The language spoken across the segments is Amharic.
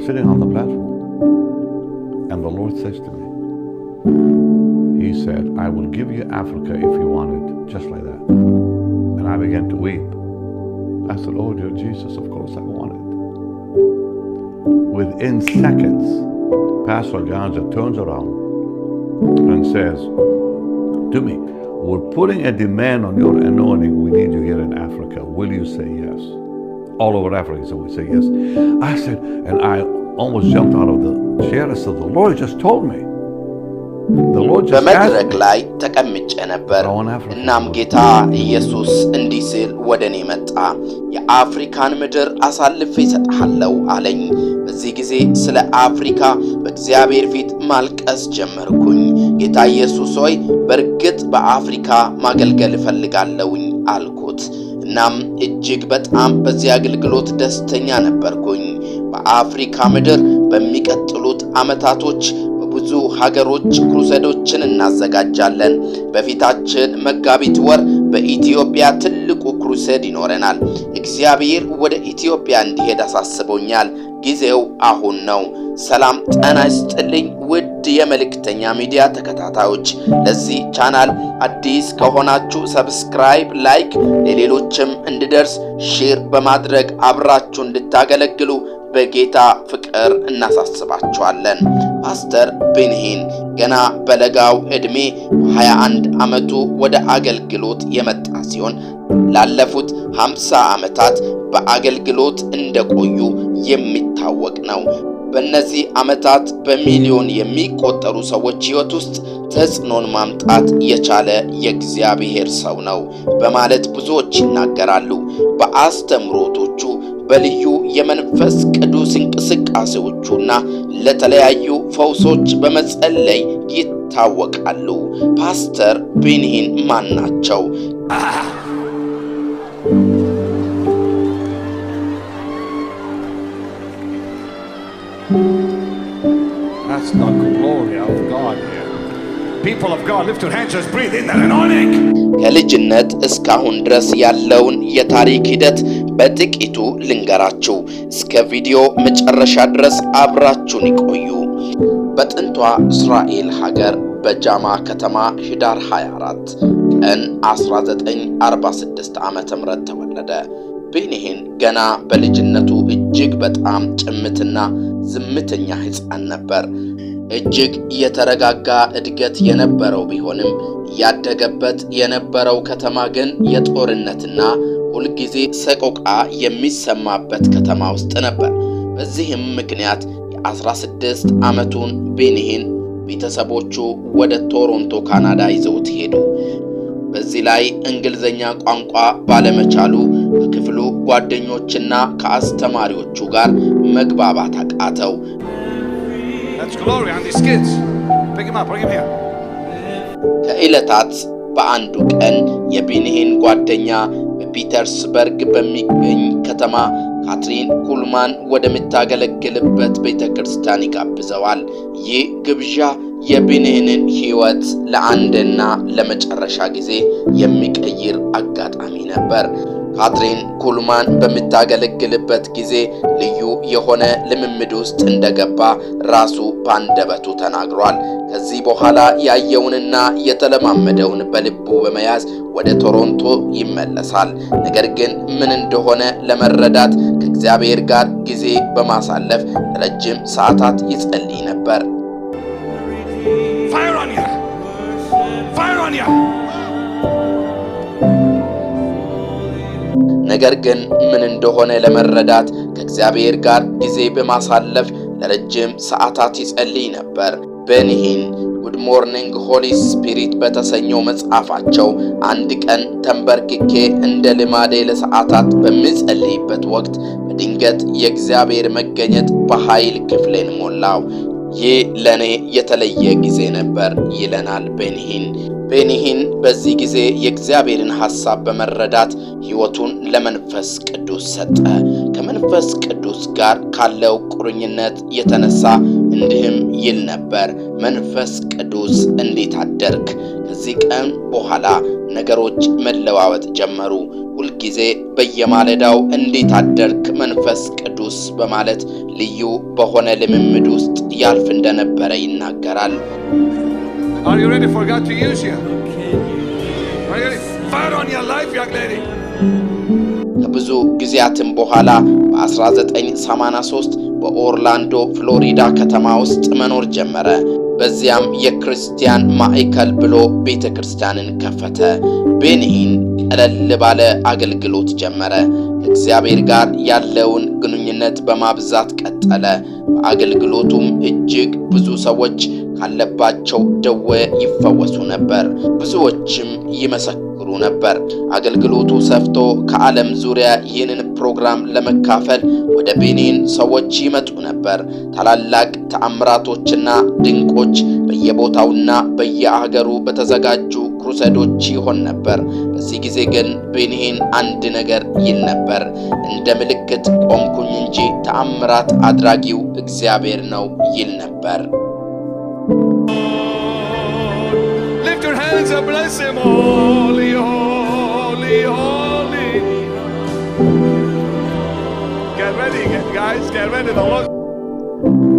I'm sitting on the platform, and the Lord says to me, He said, I will give you Africa if you want it, just like that. And I began to weep. I said, Oh, dear Jesus, of course I want it. Within seconds, Pastor Ganja turns around and says to me, We're putting a demand on your anointing. We need you here in Africa. Will you say yes? all over Africa. So we say yes. I said, and I almost jumped out of the chair. I said, the Lord just told me. በመድረክ ላይ ተቀምጨ ነበር። እናም ጌታ ኢየሱስ እንዲህ ሲል ወደ እኔ መጣ። የአፍሪካን ምድር አሳልፌ እሰጥሃለሁ አለኝ። በዚህ ጊዜ ስለ አፍሪካ በእግዚአብሔር ፊት ማልቀስ ጀመርኩኝ። ጌታ ኢየሱስ ሆይ፣ በእርግጥ በአፍሪካ ማገልገል እፈልጋለሁኝ አልኩት። እናም እጅግ በጣም በዚህ አገልግሎት ደስተኛ ነበርኩኝ። በአፍሪካ ምድር በሚቀጥሉት ዓመታቶች ብዙ ሀገሮች ክሩሰዶችን እናዘጋጃለን። በፊታችን መጋቢት ወር በኢትዮጵያ ትልቁ ክሩሴድ ይኖረናል። እግዚአብሔር ወደ ኢትዮጵያ እንዲሄድ አሳስቦኛል። ጊዜው አሁን ነው። ሰላም ጠና ይስጥልኝ። ውድ የመልእክተኛ ሚዲያ ተከታታዮች ለዚህ ቻናል አዲስ ከሆናችሁ ሰብስክራይብ፣ ላይክ፣ ለሌሎችም እንዲደርስ ሼር በማድረግ አብራችሁ እንድታገለግሉ በጌታ ፍቅር እናሳስባችኋለን። ፓስተር ቤንሂን ገና በለጋው ዕድሜ 21 ዓመቱ ወደ አገልግሎት የመጣ ሲሆን ላለፉት 50 ዓመታት በአገልግሎት እንደቆዩ የሚታወቅ ነው። በእነዚህ ዓመታት በሚሊዮን የሚቆጠሩ ሰዎች ሕይወት ውስጥ ተጽዕኖን ማምጣት የቻለ የእግዚአብሔር ሰው ነው በማለት ብዙዎች ይናገራሉ። በአስተምሮቶቹ በልዩ የመንፈስ ቅዱስ እንቅስቃሴዎቹና ለተለያዩ ፈውሶች በመጸለይ ይታወቃሉ። ፓስተር ቢኒን ማን ናቸው? That's the glory of God here. People of God, lift your hands, just breathe in that anointing. ከልጅነት እስካሁን ድረስ ያለውን የታሪክ ሂደት በጥቂቱ ልንገራችሁ። እስከ ቪዲዮ መጨረሻ ድረስ አብራችሁን ይቆዩ። በጥንቷ እስራኤል ሀገር በጃማ ከተማ ህዳር 24 ቀን 1946 ዓ.ም ተወለደ። ቤኒሄን ገና በልጅነቱ እጅግ በጣም ጭምትና ዝምተኛ ሕፃን ነበር። እጅግ የተረጋጋ እድገት የነበረው ቢሆንም ያደገበት የነበረው ከተማ ግን የጦርነትና ሁልጊዜ ሰቆቃ የሚሰማበት ከተማ ውስጥ ነበር። በዚህም ምክንያት የ16 ዓመቱን ቤኒሂን ቤተሰቦቹ ወደ ቶሮንቶ ካናዳ ይዘውት ሄዱ። በዚህ ላይ እንግሊዝኛ ቋንቋ ባለመቻሉ ከክፍሉ ጓደኞችና ከአስተማሪዎቹ ጋር መግባባት አቃተው። ከዕለታት በአንዱ ቀን የቢንሄን ጓደኛ በፒተርስበርግ በሚገኝ ከተማ ካትሪን ኩልማን ወደምታገለግልበት ቤተ ክርስቲያን ይጋብዘዋል። ይህ ግብዣ የቢንሄንን ሕይወት ለአንድና ለመጨረሻ ጊዜ የሚቀይር አጋጣሚ ነበር። ካትሪን ኩልማን በምታገለግልበት ጊዜ ልዩ የሆነ ልምምድ ውስጥ እንደገባ ራሱ ባንደበቱ ተናግሯል። ከዚህ በኋላ ያየውንና የተለማመደውን በልቡ በመያዝ ወደ ቶሮንቶ ይመለሳል። ነገር ግን ምን እንደሆነ ለመረዳት ከእግዚአብሔር ጋር ጊዜ በማሳለፍ ረጅም ሰዓታት ይጸልይ ነበር። ነገር ግን ምን እንደሆነ ለመረዳት ከእግዚአብሔር ጋር ጊዜ በማሳለፍ ለረጅም ሰዓታት ይጸልይ ነበር። በኒሂን ጉድ ሞርኒንግ ሆሊ ስፒሪት በተሰኘው መጽሐፋቸው አንድ ቀን ተንበርክኬ እንደ ልማዴ ለሰዓታት በምጸልይበት ወቅት በድንገት የእግዚአብሔር መገኘት በኃይል ክፍሌን ሞላው። ይህ ለእኔ የተለየ ጊዜ ነበር ይለናል በኒሂን ቤኒሂን በዚህ ጊዜ የእግዚአብሔርን ሐሳብ በመረዳት ሕይወቱን ለመንፈስ ቅዱስ ሰጠ። ከመንፈስ ቅዱስ ጋር ካለው ቁርኝነት የተነሳ እንዲህም ይል ነበር፣ መንፈስ ቅዱስ እንዴት አደርክ? ከዚህ ቀን በኋላ ነገሮች መለዋወጥ ጀመሩ። ሁልጊዜ በየማለዳው እንዴት አደርክ መንፈስ ቅዱስ በማለት ልዩ በሆነ ልምምድ ውስጥ ያልፍ እንደነበረ ይናገራል። Are you ready for God to use you? Are you ready? Fire on your life, young lady. ከብዙ ጊዜያትም በኋላ በ1983 በኦርላንዶ ፍሎሪዳ ከተማ ውስጥ መኖር ጀመረ። በዚያም የክርስቲያን ማዕከል ብሎ ቤተ ክርስቲያንን ከፈተ። ቤኒሂን ቀለል ባለ አገልግሎት ጀመረ። ከእግዚአብሔር ጋር ያለውን ግንኙነት በማብዛት ቀጠለ። በአገልግሎቱም እጅግ ብዙ ሰዎች ካለባቸው ደዌ ይፈወሱ ነበር። ብዙዎችም ይመሰክሩ ነበር። አገልግሎቱ ሰፍቶ ከዓለም ዙሪያ ይህንን ፕሮግራም ለመካፈል ወደ ቤኒን ሰዎች ይመጡ ነበር። ታላላቅ ተአምራቶችና ድንቆች በየቦታውና በየአገሩ በተዘጋጁ ክሩሰዶች ይሆን ነበር። በዚህ ጊዜ ግን ቤኒን አንድ ነገር ይል ነበር፣ እንደ ምልክት ቆምኩኝ እንጂ ተአምራት አድራጊው እግዚአብሔር ነው ይል ነበር። Lift your hands and bless Him. Holy, holy, holy. Get ready, guys. Get ready. The Lord.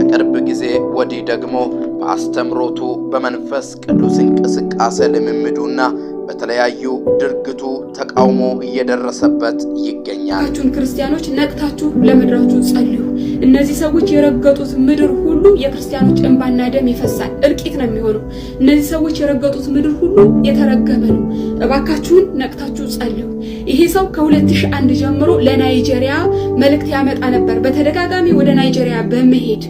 ከቅርብ ጊዜ ወዲህ ደግሞ በአስተምሮቱ በመንፈስ ቅዱስ እንቅስቃሴ ልምምዱና በተለያዩ ድርግቱ ተቃውሞ እየደረሰበት ይገኛል። ክርስቲያኖች ነቅታችሁ ለምድራችሁ ጸልዩ። እነዚህ ሰዎች የረገጡት ምድር ሁሉ የክርስቲያኖች እንባና ደም ይፈሳል፣ እልቂት ነው የሚሆነው። እነዚህ ሰዎች የረገጡት ምድር ሁሉ የተረገመ ነው። እባካችሁን ነቅታችሁ ጸልዩ። ይሄ ሰው ከ2001 ጀምሮ ለናይጄሪያ መልእክት ያመጣ ነበር፣ በተደጋጋሚ ወደ ናይጄሪያ በመሄድ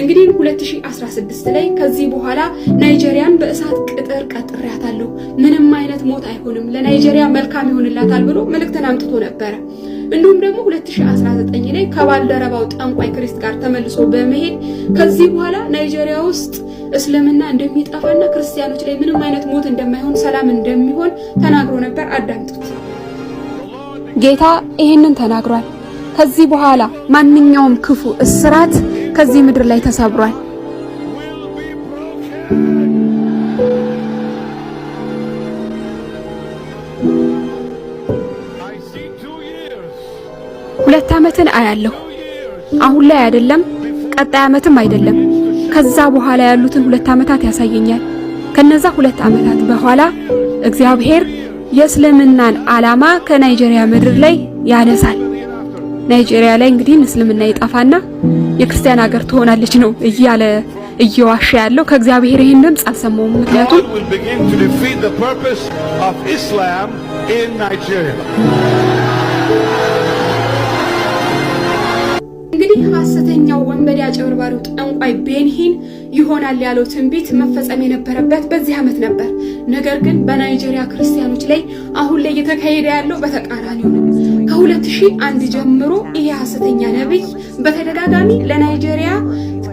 እንግዲህ 2016 ላይ ከዚህ በኋላ ናይጄሪያን በእሳት ቅጥር ቀጥሬያታለሁ፣ ምንም አይነት ሞት አይሆንም፣ ለናይጄሪያ መልካም ይሆንላታል ብሎ መልእክትን አምጥቶ ነበረ። እንዲሁም ደግሞ 2019 ላይ ከባልደረባው ጠንቋይ ክሪስት ጋር ተመልሶ በመሄድ ከዚህ በኋላ ናይጄሪያ ውስጥ እስልምና እንደሚጠፋና ክርስቲያኖች ላይ ምንም አይነት ሞት እንደማይሆን፣ ሰላም እንደሚሆን ተናግሮ ነበር። አዳምጡት። ጌታ ይሄንን ተናግሯል። ከዚህ በኋላ ማንኛውም ክፉ እስራት ከዚህ ምድር ላይ ተሰብሯል። ሁለት ዓመትን አያለሁ። አሁን ላይ አይደለም፣ ቀጣይ ዓመትም አይደለም። ከዛ በኋላ ያሉትን ሁለት ዓመታት ያሳየኛል። ከነዛ ሁለት ዓመታት በኋላ እግዚአብሔር የእስልምናን ዓላማ ከናይጄሪያ ምድር ላይ ያነሳል። ናይጄሪያ ላይ እንግዲህ እስልምና ይጠፋና የክርስቲያን ሀገር ትሆናለች ነው እያለ እየዋሸ ያለው። ከእግዚአብሔር ይህን ድምፅ አልሰማውም። ምክንያቱም እንግዲህ ሐሰተኛው ወንበዴ አጭበርባሪው ጠንቋይ ቤንሂን ይሆናል ያለው ትንቢት መፈጸም የነበረበት በዚህ ዓመት ነበር። ነገር ግን በናይጄሪያ ክርስቲያኖች ላይ አሁን ላይ እየተካሄደ ያለው በተቃራኒው ነው። ከሁለት ሺህ አንድ ጀምሮ ይሄ ሐሰተኛ ነቢይ በተደጋጋሚ ለናይጄሪያ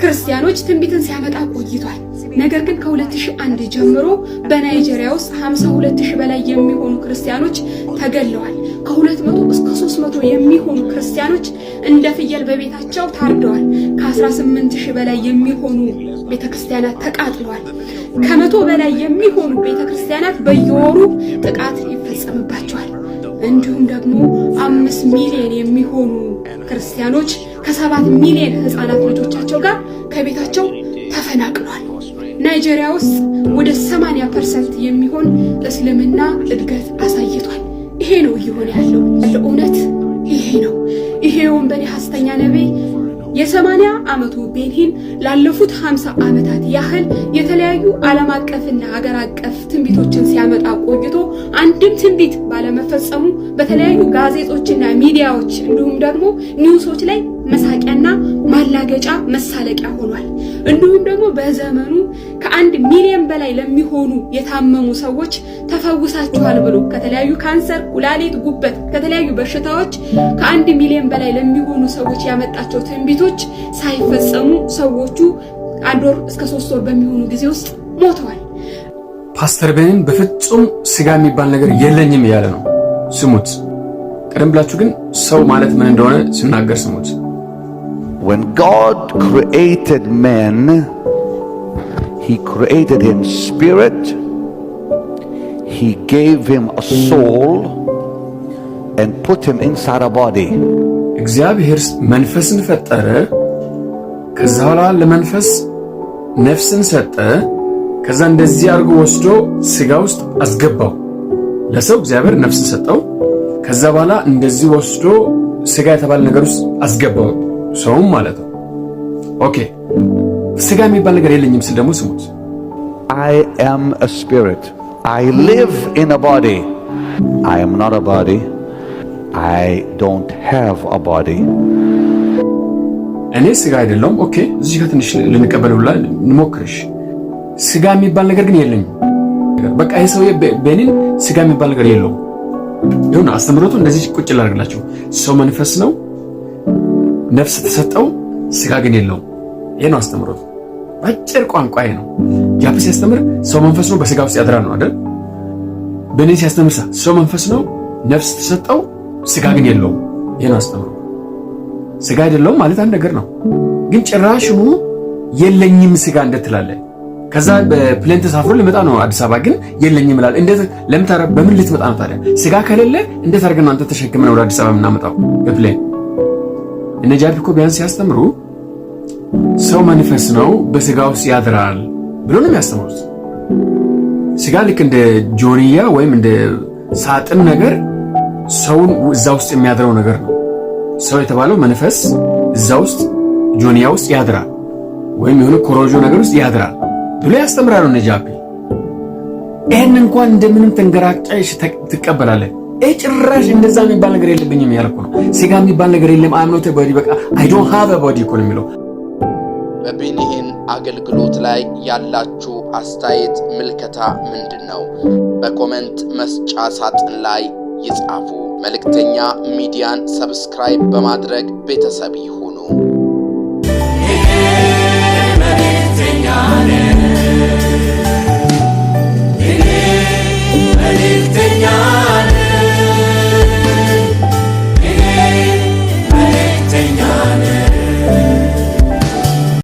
ክርስቲያኖች ትንቢትን ሲያመጣ ቆይቷል። ነገር ግን ከ2001 ጀምሮ በናይጄሪያ ውስጥ 52000 በላይ የሚሆኑ ክርስቲያኖች ተገለዋል። ከ200 እስከ 300 የሚሆኑ ክርስቲያኖች እንደ ፍየል በቤታቸው ታርደዋል። ከ18000 በላይ የሚሆኑ ቤተክርስቲያናት ተቃጥለዋል። ከመቶ በላይ የሚሆኑ ቤተክርስቲያናት በየወሩ ጥቃት ይፈጸምባቸዋል። እንዲሁም ደግሞ አምስት ሚሊዮን የሚሆኑ ክርስቲያኖች ከሰባት ሚሊዮን ህፃናት ልጆቻቸው ጋር ከቤታቸው ተፈናቅሏል። ናይጄሪያ ውስጥ ወደ 80 ፐርሰንት የሚሆን እስልምና እድገት አሳይቷል። ይሄ ነው እየሆነ ያለው እውነት፣ ይሄ ነው። ይሄ ወንበዴ ሐሰተኛ ነቢይ የሰማንያ ዓመቱ ቤንሂን ላለፉት 50 ዓመታት ያህል የተለያዩ ዓለም አቀፍና ሀገር አቀፍ ትንቢቶችን ሲያመጣ ቆይቶ አንድም ትንቢት ባለመፈጸሙ በተለያዩ ጋዜጦችና ሚዲያዎች እንዲሁም ደግሞ ኒውሶች ላይ መሳቂያና ማላገጫ መሳለቂያ ሆኗል። እንዲሁም ደግሞ በዘመኑ ከአንድ ሚሊዮን በላይ ለሚሆኑ የታመሙ ሰዎች ተፈውሳችኋል ብሎ ከተለያዩ ካንሰር፣ ኩላሊት፣ ጉበት ከተለያዩ በሽታዎች ከአንድ ሚሊዮን በላይ ለሚሆኑ ሰዎች ያመጣቸው ትንቢቶች ሳይፈጸሙ ሰዎቹ አንድ ወር እስከ ሶስት ወር በሚሆኑ ጊዜ ውስጥ ሞተዋል። ፓስተር ቤንን በፍጹም ስጋ የሚባል ነገር የለኝም ያለ ነው። ስሙት። ቀደም ብላችሁ ግን ሰው ማለት ምን እንደሆነ ስናገር ስሙት። When God created man, He created him spirit, He gave him a soul, and put him inside a body. እግዚአብሔር መንፈስን ፈጠረ። ከዛ በኋላ ለመንፈስ ነፍስን ሰጠ። ከዛ እንደዚህ አድርጎ ወስዶ ስጋ ውስጥ አስገባው። ለሰው እግዚአብሔር ነፍስን ሰጠው። ከዛ በኋላ እንደዚህ ወስዶ ስጋ የተባለ ነገር ውስጥ አስገባው። ሰውም ማለት ነው። ኦኬ ስጋ የሚባል ነገር የለኝም ስል ደግሞ ስሙት። አይ አም ስፒሪት አይ ሊቭ ኢን ቦዲ አይ አም ኖት ቦዲ አይ ዶንት ሃቭ ቦዲ እኔ ስጋ አይደለሁም። ኦኬ እዚህ ጋር ትንሽ ልንቀበልላ እንሞክርሽ። ስጋ የሚባል ነገር ግን የለኝም። በቃ ይህ ሰውዬ በኔን ስጋ የሚባል ነገር የለውም። ይሁን አስተምሮቱ እንደዚህ ቁጭ ላደርግላቸው ሰው መንፈስ ነው ነፍስ ተሰጠው፣ ስጋ ግን የለውም። ይህ ነው አስተምሮት። በአጭር ቋንቋ ይህ ነው። ጃፕ ሲያስተምር ሰው መንፈስ ነው በስጋ ውስጥ ያድራል ነው አይደል? በእኔ ሲያስተምር ሰው መንፈስ ነው፣ ነፍስ ተሰጠው፣ ስጋ ግን የለውም። ይህ ነው አስተምሮ። ስጋ አይደለውም ማለት አንድ ነገር ነው። ግን ጭራሽኑ የለኝም ስጋ እንደትላለ ከዛ በፕሌን ተሳፍሮ ልመጣ ነው አዲስ አበባ፣ ግን የለኝም እላለሁ። እንዴት ለምታረ በምን ልትመጣ ነው ታዲያ? ስጋ ከሌለ እንዴት አድርገን አንተ ተሸክመን ወደ አዲስ አበባ የምናመጣው በፕሌን እነ ጃፒ እኮ ቢያንስ ሲያስተምሩ ሰው መንፈስ ነው በስጋ ውስጥ ያድራል ብሎ ነው የሚያስተምሩት። ስጋ ልክ እንደ ጆንያ ወይም እንደ ሳጥን ነገር ሰውን እዛ ውስጥ የሚያድረው ነገር ነው። ሰው የተባለው መንፈስ እዛ ውስጥ ጆንያ ውስጥ ያድራል ወይም የሆነ ኮሮጆ ነገር ውስጥ ያድራል ብሎ ያስተምራሉ እነ ይህን እንኳን እንደምንም ተንገራቅጫ ትቀበላለን። ጭራሽ እንደዛ የሚባል ነገር የለብኝም ያልኩ ነው። ስጋ የሚባል ነገር የለም። አምኖት ቦዲ በቃ አይ ዶንት ሃቭ ቦዲ እኮ ነው የሚለው። በቤኒሄን አገልግሎት ላይ ያላችሁ አስተያየት ምልከታ ምንድን ነው? በኮመንት መስጫ ሳጥን ላይ ይጻፉ። መልእክተኛ ሚዲያን ሰብስክራይብ በማድረግ ቤተሰብ ይሁን።